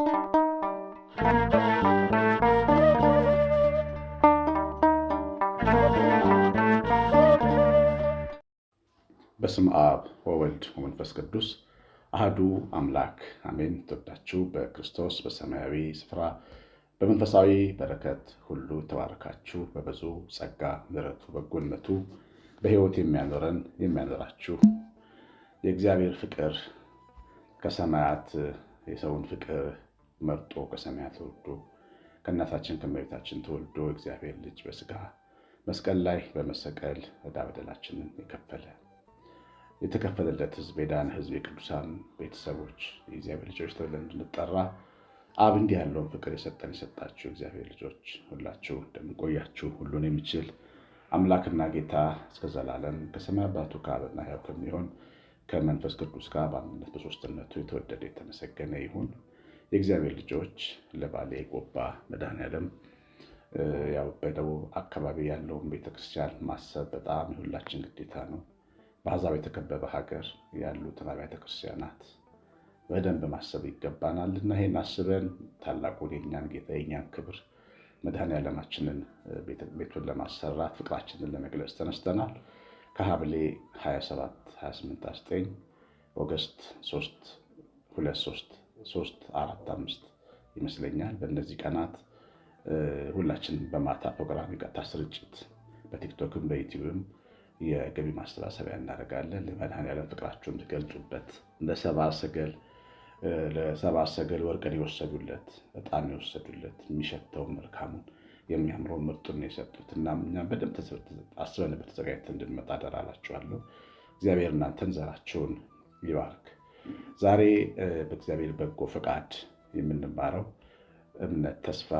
በስም አብ ወወልድ ወመንፈስ ቅዱስ አህዱ አምላክ አሜን። ተወዳችሁ በክርስቶስ በሰማያዊ ስፍራ በመንፈሳዊ በረከት ሁሉ ተባረካችሁ። በብዙ ጸጋ ምሕረቱ፣ በጎነቱ በሕይወት የሚያኖረን የሚያኖራችሁ የእግዚአብሔር ፍቅር ከሰማያት የሰውን ፍቅር መርጦ ከሰማያት ተወልዶ ከእናታችን ከእመቤታችን ተወልዶ እግዚአብሔር ልጅ በስጋ መስቀል ላይ በመሰቀል ዕዳ በደላችንን የከፈለ የተከፈለለት ህዝብ የዳነ ህዝብ የቅዱሳን ቤተሰቦች የእግዚአብሔር ልጆች ተብለን እንድንጠራ አብ እንዲህ ያለውን ፍቅር የሰጠን የሰጣችሁ እግዚአብሔር ልጆች ሁላችሁ እንደምንቆያችሁ ሁሉን የሚችል አምላክና ጌታ እስከ ዘላለም ከሰማይ አባቱ ከአብና ያው ከሚሆን ከመንፈስ ቅዱስ ጋር በአንድነት በሶስትነቱ የተወደደ የተመሰገነ ይሁን። የእግዚአብሔር ልጆች ለባሌ ጎባ መድኃኔዓለም ያው በደቡብ አካባቢ ያለውን ቤተክርስቲያን ማሰብ በጣም የሁላችን ግዴታ ነው። በአሕዛብ የተከበበ ሀገር ያሉትን አብያተ ክርስቲያናት በደንብ ማሰብ ይገባናል እና ይህን አስበን ታላቁን የኛን ጌታ የኛን ክብር መድኃኔዓለማችንን ቤቱን ለማሰራት ፍቅራችንን ለመግለጽ ተነስተናል። ከሐምሌ 27 28 9 ኦገስት 3 2 ሶስት አራት አምስት ይመስለኛል። በእነዚህ ቀናት ሁላችን በማታ ፕሮግራም የቀጥታ ስርጭት በቲክቶክም በዩቲዩብም የገቢ ማሰባሰቢያ እናደርጋለን። ለመድኃኔዓለም ፍቅራችሁን የምትገልጹበት ለሰብአ ሰገል ለሰብአ ሰገል ወርቅን የወሰዱለት በጣም የወሰዱለት የሚሸተው መልካሙን የሚያምረውን ምርጡን የሰጡት እና እኛም በደንብ አስበንበት ተዘጋጅተን እንድንመጣ አደራ እግዚአብሔር እናንተን ዘራችሁን ይባርክ። ዛሬ በእግዚአብሔር በጎ ፈቃድ የምንማረው እምነት፣ ተስፋ፣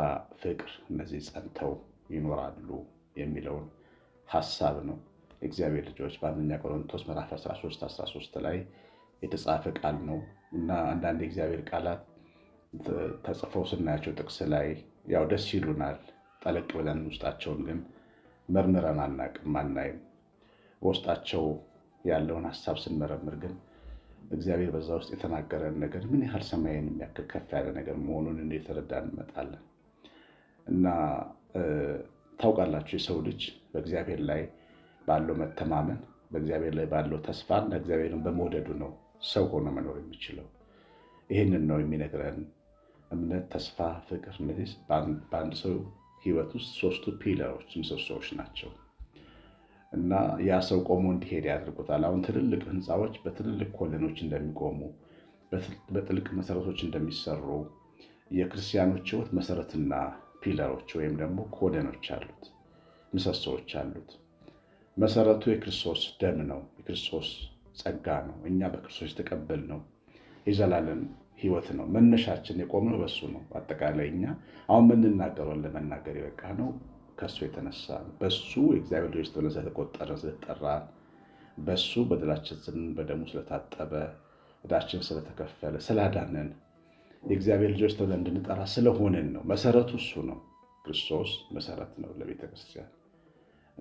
ፍቅር እነዚህ ጸንተው ይኖራሉ የሚለውን ሀሳብ ነው። እግዚአብሔር ልጆች በአንደኛ ቆሮንቶስ ምዕራፍ 13 13 ላይ የተጻፈ ቃል ነው እና አንዳንድ የእግዚአብሔር ቃላት ተጽፈው ስናያቸው ጥቅስ ላይ ያው ደስ ይሉናል። ጠለቅ ብለን ውስጣቸውን ግን መርምረን አናቅም፣ አናይም። በውስጣቸው ያለውን ሀሳብ ስንመረምር ግን እግዚአብሔር በዛ ውስጥ የተናገረን ነገር ምን ያህል ሰማይን የሚያክል ከፍ ያለ ነገር መሆኑን እንደተረዳ እንመጣለን እና ታውቃላችሁ፣ የሰው ልጅ በእግዚአብሔር ላይ ባለው መተማመን፣ በእግዚአብሔር ላይ ባለው ተስፋና እግዚአብሔርን በመውደዱ ነው ሰው ሆኖ መኖር የሚችለው። ይህንን ነው የሚነግረን። እምነት፣ ተስፋ፣ ፍቅር፣ እነዚህ በአንድ ሰው ህይወት ውስጥ ሶስቱ ፒለሮች ምሰሶዎች ናቸው። እና ያ ሰው ቆሞ እንዲሄድ ያደርጉታል። አሁን ትልልቅ ህንፃዎች በትልልቅ ኮለኖች እንደሚቆሙ፣ በጥልቅ መሰረቶች እንደሚሰሩ የክርስቲያኖች ህይወት መሰረትና ፒለሮች ወይም ደግሞ ኮለኖች አሉት፣ ምሰሶዎች አሉት። መሰረቱ የክርስቶስ ደም ነው፣ የክርስቶስ ጸጋ ነው፣ እኛ በክርስቶስ ነው የዘላለም ህይወት ነው። መነሻችን የቆምነው በሱ ነው። አጠቃላይ እኛ አሁን ምንናገረው ለመናገር የበቃ ነው ከሱ የተነሳ በሱ የእግዚአብሔር ልጆች ተብለን ስለተቆጠርን ስለተጠራን በሱ በደላችን በደሙ ስለታጠበ ዕዳችን ስለተከፈለ ስላዳነን የእግዚአብሔር ልጆች ተብለን እንድንጠራ ስለሆነን ነው። መሰረቱ እሱ ነው። ክርስቶስ መሰረት ነው ለቤተ ክርስቲያን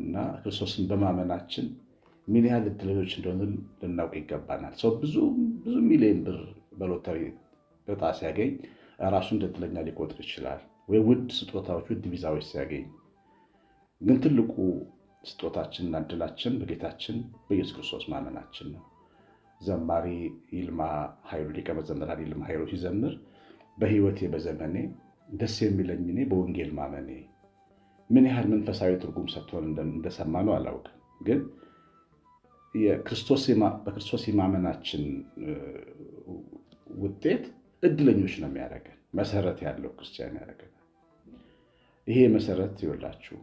እና ክርስቶስን በማመናችን ምን ያህል እድለኞች እንደሆነ ልናውቅ ይገባናል። ሰው ብዙ ብዙ ሚሊዮን ብር በሎተሪ እጣ ሲያገኝ ራሱን እንደ እድለኛ ሊቆጥር ይችላል ወይ ውድ ስጦታዎች፣ ውድ ቪዛዎች ሲያገኝ ግን ትልቁ ስጦታችንና እድላችን በጌታችን በኢየሱስ ክርስቶስ ማመናችን ነው። ዘማሪ ይልማ ኃይሉ ሊቀ መዘምራን ይልማ ኃይሉ ሲዘምር በህይወቴ በዘመኔ ደስ የሚለኝ እኔ በወንጌል ማመኔ ምን ያህል መንፈሳዊ ትርጉም ሰጥቶን እንደሰማ ነው አላውቅም። ግን በክርስቶስ የማመናችን ውጤት እድለኞች ነው የሚያደርገን። መሰረት ያለው ክርስቲያን ያደርገናል። ይሄ መሰረት ይወላችሁ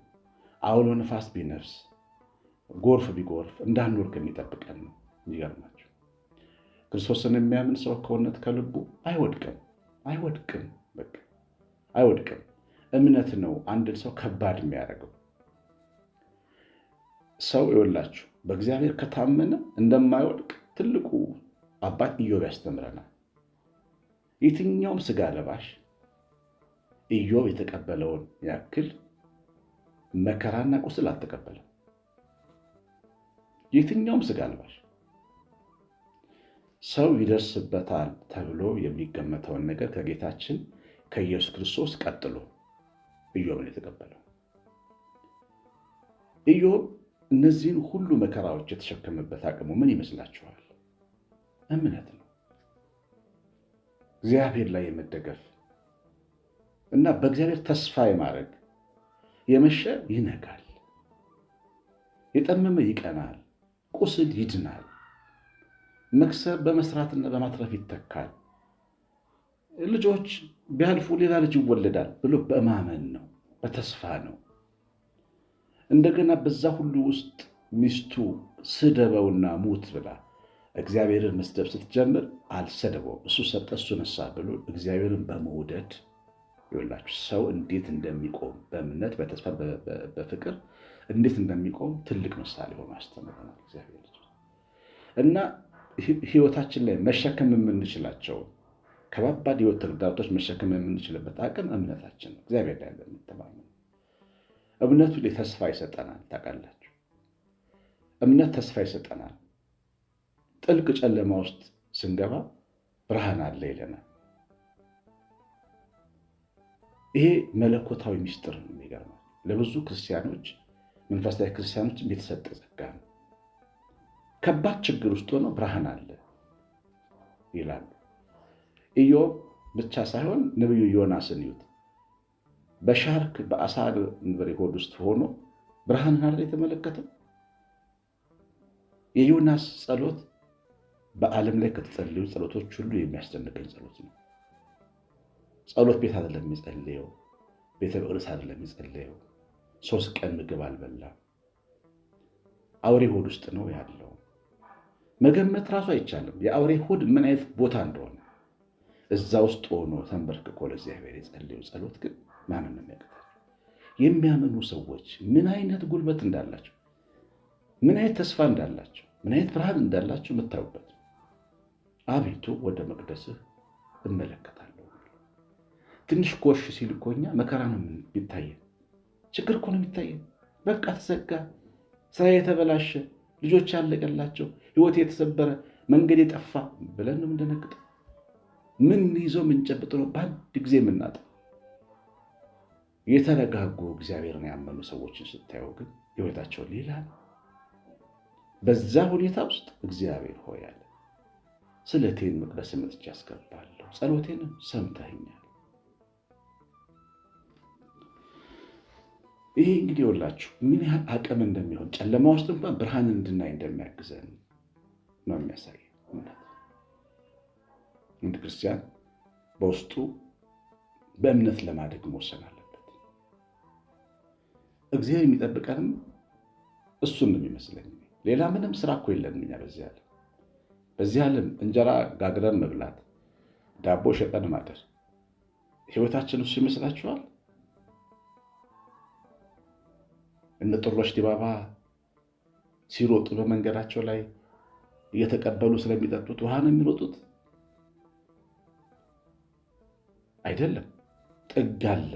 አውሎ ነፋስ ቢነፍስ ጎርፍ ቢጎርፍ እንዳንወድቅ የሚጠብቀን ነው። ይገርማችሁ ክርስቶስን የሚያምን ሰው ከእውነት ከልቡ አይወድቅም፣ አይወድቅም፣ በቃ አይወድቅም። እምነት ነው አንድን ሰው ከባድ የሚያደርገው። ሰው ይወላችሁ በእግዚአብሔር ከታመነ እንደማይወድቅ ትልቁ አባት ኢዮብ ያስተምረናል። የትኛውም ስጋ ለባሽ ኢዮብ የተቀበለውን ያክል መከራና ቁስል አልተቀበለም። የትኛውም ስጋ አልባሽ ሰው ይደርስበታል ተብሎ የሚገመተውን ነገር ከጌታችን ከኢየሱስ ክርስቶስ ቀጥሎ ኢዮብ ነው የተቀበለው። ኢዮብ እነዚህን ሁሉ መከራዎች የተሸከመበት አቅሙ ምን ይመስላችኋል? እምነት ነው። እግዚአብሔር ላይ የመደገፍ እና በእግዚአብሔር ተስፋ የማድረግ የመሸ ይነጋል፣ የጠመመ ይቀናል፣ ቁስል ይድናል። መክሰብ በመስራትና በማትረፍ ይተካል። ልጆች ቢያልፉ ሌላ ልጅ ይወለዳል ብሎ በማመን ነው፣ በተስፋ ነው። እንደገና በዛ ሁሉ ውስጥ ሚስቱ ስደበውና ሙት ብላ እግዚአብሔርን መስደብ ስትጀምር አልሰደበው እሱ ሰጠ እሱ ነሳ ብሎ እግዚአብሔርን በመውደድ ይወላችሁ ሰው እንዴት እንደሚቆም በእምነት በተስፋ በፍቅር እንዴት እንደሚቆም ትልቅ ምሳሌ ሆኖ አስተምረናል እግዚአብሔር እና ህይወታችን ላይ መሸከም የምንችላቸው ከባባድ ህይወት ተግዳሮቶች መሸከም የምንችልበት አቅም እምነታችን እግዚአብሔር ላይ እንደምንተማመን እምነቱ ላይ ተስፋ ይሰጠናል። ታውቃላችሁ፣ እምነት ተስፋ ይሰጠናል። ጥልቅ ጨለማ ውስጥ ስንገባ ብርሃን አለ ይለናል። ይሄ መለኮታዊ ሚስጥር ነው። የሚገርመው ለብዙ ክርስቲያኖች መንፈሳዊ ክርስቲያኖች የተሰጠ ጸጋ ነው። ከባድ ችግር ውስጥ ሆነው ብርሃን አለ ይላሉ። ኢዮብ ብቻ ሳይሆን ነቢዩ ዮናስን ይዩት። በሻርክ በአሳ አንበሪ ሆድ ውስጥ ሆኖ ብርሃን አለ የተመለከተው። የዮናስ ጸሎት በዓለም ላይ ከተጸለዩ ጸሎቶች ሁሉ የሚያስደንቀኝ ጸሎት ነው። ጸሎት ቤት አይደለም የሚጸልየው፣ ቤተ መቅደስ አይደለም የሚጸልየው። ሶስት ቀን ምግብ አልበላም። አውሬ ሆድ ውስጥ ነው ያለው። መገመት ራሱ አይቻልም የአውሬ ሆድ ምን አይነት ቦታ እንደሆነ። እዛ ውስጥ ሆኖ ተንበርክኮ ለእግዚአብሔር የጸልየው ጸሎት ግን ማመን ነው የሚያምኑ ሰዎች ምን አይነት ጉልበት እንዳላቸው፣ ምን አይነት ተስፋ እንዳላቸው፣ ምን አይነት ብርሃን እንዳላቸው የምታዩበት አቤቱ ወደ መቅደስህ እመለከት ትንሽ ጎሽ ሲል እኮ እኛ መከራ ነው የሚታየ፣ ችግር እኮ ነው በቃ ተዘጋ፣ ስራ የተበላሸ፣ ልጆች ያለቀላቸው፣ ህይወት የተሰበረ፣ መንገድ የጠፋ ብለን ነው የምንደነግጠው። ምን ይዞ የምንጨብጥ ነው በአንድ ጊዜ የምናጣ። የተረጋጉ እግዚአብሔርን ያመኑ ሰዎችን ስታየው ግን ህይወታቸው ሌላ ነው። በዛ ሁኔታ ውስጥ እግዚአብሔር ሆይ አለ ስለቴን መቅደስ መጥቼ ያስገባለሁ፣ ጸሎቴንም ሰምተኸኛል ይሄ እንግዲህ ወላችሁ ምን ያህል አቅም እንደሚሆን ጨለማ ውስጥ እንኳን ብርሃን እንድናይ እንደሚያግዘን ነው የሚያሳይ። እንደ ክርስቲያን በውስጡ በእምነት ለማደግ መወሰን አለበት። እግዚአብሔር የሚጠብቀንም እሱን ነው የሚመስለኝ። ሌላ ምንም ስራ እኮ የለንም እኛ በዚህ ዓለም በዚህ ዓለም እንጀራ ጋግረን መብላት፣ ዳቦ ሸጠን ማደር ህይወታችን እሱ ይመስላችኋል? እነ ጥሩነሽ ዲባባ ሲሮጡ በመንገዳቸው ላይ እየተቀበሉ ስለሚጠጡት ውሃ ነው የሚሮጡት? አይደለም። ጥግ አለ፣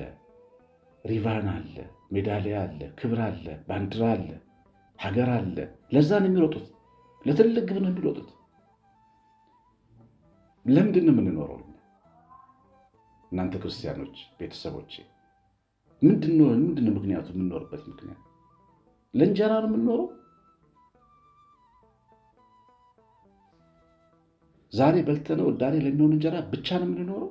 ሪቫን አለ፣ ሜዳሊያ አለ፣ ክብር አለ፣ ባንዲራ አለ፣ ሀገር አለ። ለዛ ነው የሚሮጡት። ለትልቅ ግብ ነው የሚሮጡት። ለምንድን ነው የምንኖረው? እናንተ ክርስቲያኖች ቤተሰቦቼ ምንድን ነው ምክንያቱ? የምንኖርበት ምክንያት ለእንጀራ ነው የምንኖረው። ዛሬ በልተነው ዳሬ ለሚሆን እንጀራ ብቻ ነው የምንኖረው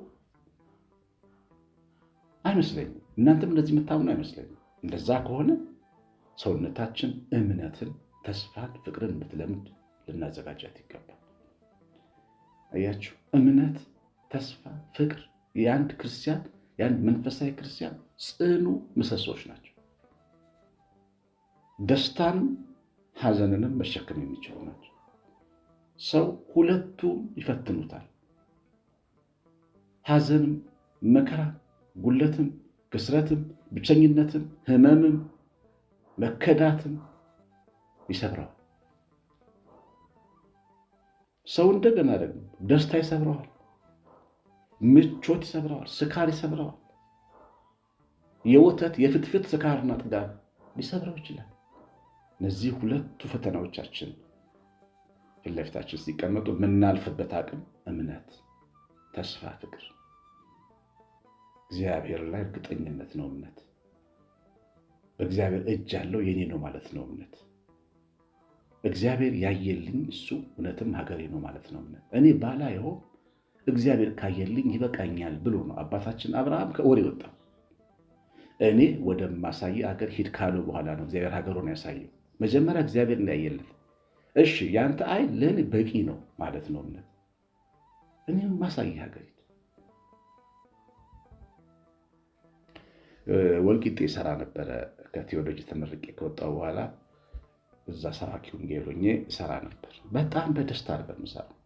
አይመስለኝም። እናንተም እንደዚህ የምታምኑ አይመስለኝም። እንደዛ ከሆነ ሰውነታችን እምነትን፣ ተስፋን፣ ፍቅርን እንድትለምድ ልናዘጋጃት ይገባል። አያችሁ፣ እምነት፣ ተስፋ፣ ፍቅር የአንድ ክርስቲያን የአንድ መንፈሳዊ ክርስቲያን ጽኑ ምሰሶች ናቸው። ደስታን ሐዘንንም መሸከም የሚችሉ ናቸው። ሰው ሁለቱም ይፈትኑታል። ሐዘንም መከራ፣ ጉለትም፣ ክስረትም፣ ብቸኝነትም፣ ህመምም፣ መከዳትም ይሰብረዋል። ሰው እንደገና ደግሞ ደስታ ይሰብረዋል፣ ምቾት ይሰብረዋል፣ ስካር ይሰብረዋል። የወተት የፍትፍት ስካርና ጥጋብ ሊሰብረው ይችላል። እነዚህ ሁለቱ ፈተናዎቻችን ፊት ለፊታችን ሲቀመጡ የምናልፍበት አቅም እምነት፣ ተስፋ፣ ፍቅር እግዚአብሔር ላይ እርግጠኝነት ነው። እምነት በእግዚአብሔር እጅ ያለው የኔ ነው ማለት ነው። እምነት እግዚአብሔር ያየልኝ እሱ እውነትም ሀገሬ ነው ማለት ነው። እምነት እኔ ባላየው እግዚአብሔር ካየልኝ ይበቃኛል ብሎ ነው አባታችን አብርሃም ከወሬ ወጣ። እኔ ወደማሳይ ሀገር ሂድ ካሉ በኋላ ነው እግዚአብሔር ሀገሩን ያሳየው። መጀመሪያ እግዚአብሔር እንዳየልን እሺ ያንተ አይን ለእኔ በቂ ነው ማለት ነው እምነት እኔም ማሳይ ሀገሪት ወልቂጤ ሰራ ነበረ። ከቴዎሎጂ ተመርቄ ከወጣው በኋላ እዛ ሰባኪ ወንጌል ሰራ ነበር። በጣም በደስታ ነበር የምሰራው።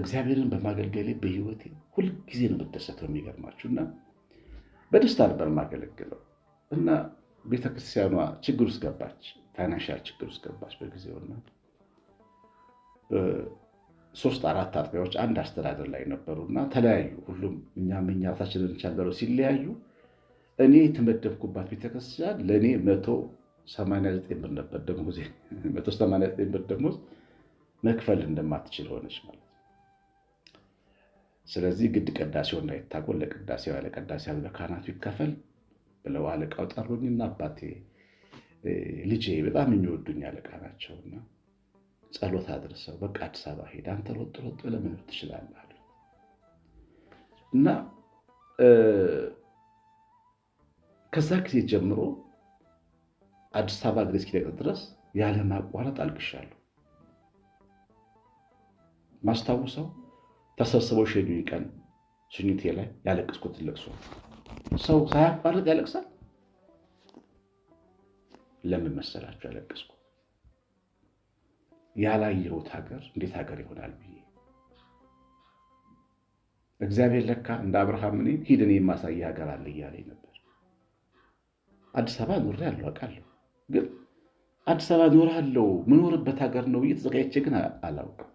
እግዚአብሔርን በማገልገሌ በህይወቴ ሁልጊዜ ነው የምደሰተው። የሚገርማችሁ እና በደስታ ነበር የማገለግለው እና ቤተክርስቲያኗ ችግር ውስጥ ገባች። ታናሻ ችግር ውስጥ ገባች። በጊዜውና ሶስት አራት አጥቢያዎች አንድ አስተዳደር ላይ ነበሩና ተለያዩ። ሁሉም እኛ ምኛታችን እንቻለው ሲለያዩ እኔ የተመደብኩባት ቤተክርስቲያን ለእኔ መቶ ሰማንያ ብር ነበር ደሞዜ። መቶ ብር ደሞዝ መክፈል እንደማትችል ሆነች ማለት ስለዚህ ግድ ቅዳሴው እንዳይታጎል ለቅዳሴው ያለ ቅዳሴ ያለ ካህናቱ ይከፈል ብለው አለቃው ጠሩኝና አባቴ ልጄ በጣም የሚወዱኝ አለቃ ናቸውና ጸሎት አድርሰው በቃ አዲስ አበባ ሄድ አንተ ሮጥ ሮጥ ብለህ መኖር ትችላለህ እና ከዛ ጊዜ ጀምሮ አዲስ አበባ እግሬ እስኪደርቅ ድረስ ያለ ማቋረጥ አልቅሻለሁ። ማስታውሰው ተሰብስበው ሸኙኝ ቀን ሽኝቴ ላይ ያለቅስኩትን ለቅሶ ሰው ሳያቋርጥ ያለቅሳል። ለምን መሰላችሁ ያለቀስኩ? ያላየሁት ሀገር እንዴት ሀገር ይሆናል ብዬ እግዚአብሔር ለካ እንደ አብርሃም እኔ ሂድ እኔ የማሳይ ሀገር አለ እያለኝ ነበር። አዲስ አበባ ኖሬ ያለው አውቃለሁ፣ ግን አዲስ አበባ አለው ምኖርበት ሀገር ነው ብዬ ተዘጋጅቼ ግን አላውቅም።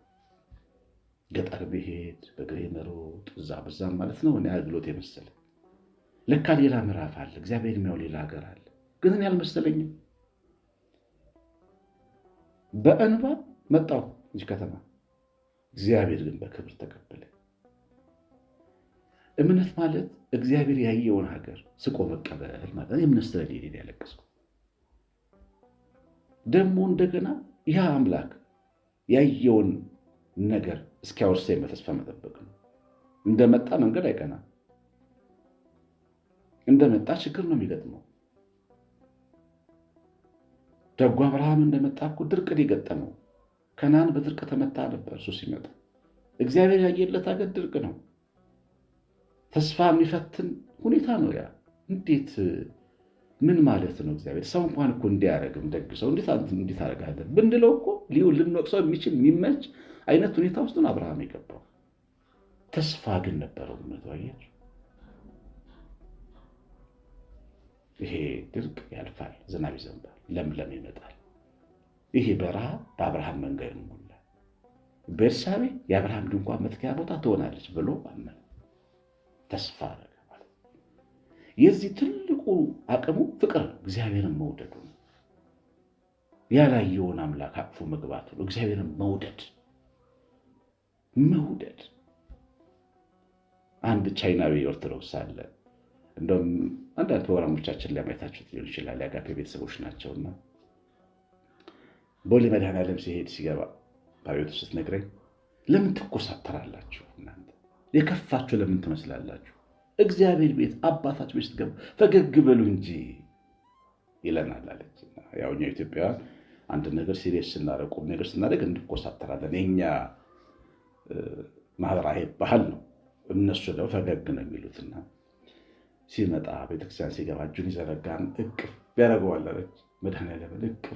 ገጠር ብሄድ በግሬ መሮጥ እዛ በዛም ማለት ነው እኔ አገልግሎት የመሰለ ለካ ሌላ ምዕራፍ አለ፣ እግዚአብሔር የሚያው ሌላ ሀገር አለ። ግን እኔ አልመሰለኝም። በእንባ መጣው እንጂ ከተማ እግዚአብሔር ግን በክብር ተቀበለ። እምነት ማለት እግዚአብሔር ያየውን ሀገር ስቆ መቀበል ማለት ነው። እምነት ያለቀስኩ ደግሞ እንደገና ይህ አምላክ ያየውን ነገር እስኪያወርሰኝ በተስፋ መጠበቅ ነው። እንደመጣ መንገድ አይቀናም። እንደመጣ ችግር ነው የሚገጥመው። ደጉ አብርሃም እንደመጣ እኮ ድርቅ የገጠመው ከናን በድርቅ ተመታ ነበር። እሱ ሲመጣ እግዚአብሔር ያየለት አገር ድርቅ ነው። ተስፋ የሚፈትን ሁኔታ ነው ያ። እንዴት ምን ማለት ነው? እግዚአብሔር ሰው እንኳን እኮ እንዲያደረግም ደግ ሰው እንዴት አንተ አደርጋለን ብንለው እኮ ሊው ልንወቅሰው የሚችል የሚመች አይነት ሁኔታ ውስጥ ነው አብርሃም የገባው። ተስፋ ግን ነበረው እውነት ይሄ ድርቅ ያልፋል፣ ዝናብ ይዘንባል፣ ለምለም ይመጣል። ይሄ በረሃ በአብርሃም መንጋ ይሞላል፣ ቤርሳቤ የአብርሃም ድንኳን መትከያ ቦታ ትሆናለች ብሎ አመነ፣ ተስፋ አደረገ የዚህ ትልቁ አቅሙ ፍቅር እግዚአብሔርን መውደዱ ነው። ያላየውን አምላክ አቅፎ መግባቱ ነው፣ እግዚአብሔርን መውደድ መውደድ። አንድ ቻይናዊ ኦርቶዶክስ አለ እንደውም አንዳንድ ፕሮግራሞቻችን ላይ ማየታችሁት ሊሆን ይችላል። የአጋፔ ቤተሰቦች ናቸውና ቦሌ መድኃኔዓለም ሲሄድ ሲገባ ባቤቱ ስትነግረኝ ለምን ትኮሳተራላችሁ? እናንተ የከፋችሁ ለምን ትመስላላችሁ? እግዚአብሔር ቤት አባታችሁ ቤት ስትገቡ ፈገግ በሉ እንጂ ይለናል አለች። ያው እኛ ኢትዮጵያውያን አንድ ነገር ሲሪየስ ስናደርግ ቁም ነገር ስናደርግ እንኮሳተራለን። የኛ ማህበራዊ ባህል ነው። እነሱ ደግሞ ፈገግ ነው የሚሉትና ሲመጣ ቤተክርስቲያን ሲገባ እጁን ይዘረጋን እቅፍ ያደርገዋል አለች መድኃኔዓለምን። እቅፍ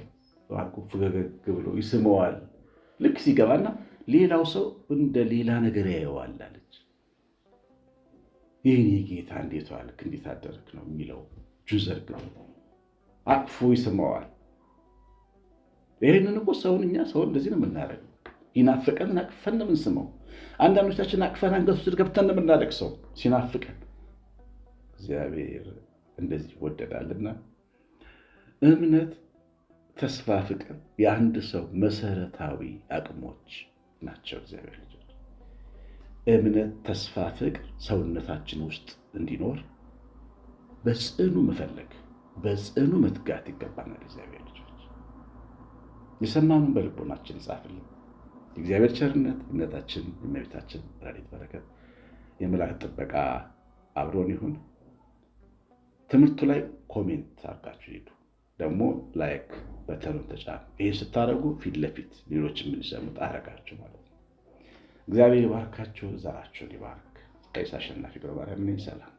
አድርጎ ፈገግ ብሎ ይስመዋል። ልክ ሲገባና ሌላው ሰው እንደ ሌላ ነገር ያየዋል አለች። ይህኔ ጌታ እንዴት ዋልክ እንዴት አደረክ ነው የሚለው። እጁን ዘርግቶ አቅፎ ይስመዋል። ይህንን እኮ ሰውን እኛ ሰውን እንደዚህ ነው የምናደርገው። ይናፍቀን አቅፈን ነው የምንስመው። አንዳንዶቻችን አቅፈን አንገቱ ስር ገብተን ነው ሰው ሲናፍቀን እግዚአብሔር እንደዚህ ይወደዳልና እምነት፣ ተስፋ፣ ፍቅር የአንድ ሰው መሰረታዊ አቅሞች ናቸው። እግዚአብሔር ልጆች እምነት፣ ተስፋ፣ ፍቅር ሰውነታችን ውስጥ እንዲኖር በጽኑ መፈለግ በጽኑ መትጋት ይገባናል። እግዚአብሔር ልጆች የሰማኑን በልቦናችን ይጻፍልን። የእግዚአብሔር ቸርነት እምነታችን የእመቤታችን ረድኤት በረከት የመላእክት ጥበቃ አብሮን ይሁን። ትምህርቱ ላይ ኮሜንት አርጋችሁ ሄዱ። ደግሞ ላይክ በተኑን ተጫኑ። ይሄ ስታደርጉ ፊት ለፊት ሌሎች የምንሰሙት አረጋችሁ ማለት ነው። እግዚአብሔር ይባርካችሁ፣ ዘራችሁን ይባርክ። ቀሲስ አሸናፊ ገብረማርያም ነኝ። ሰላም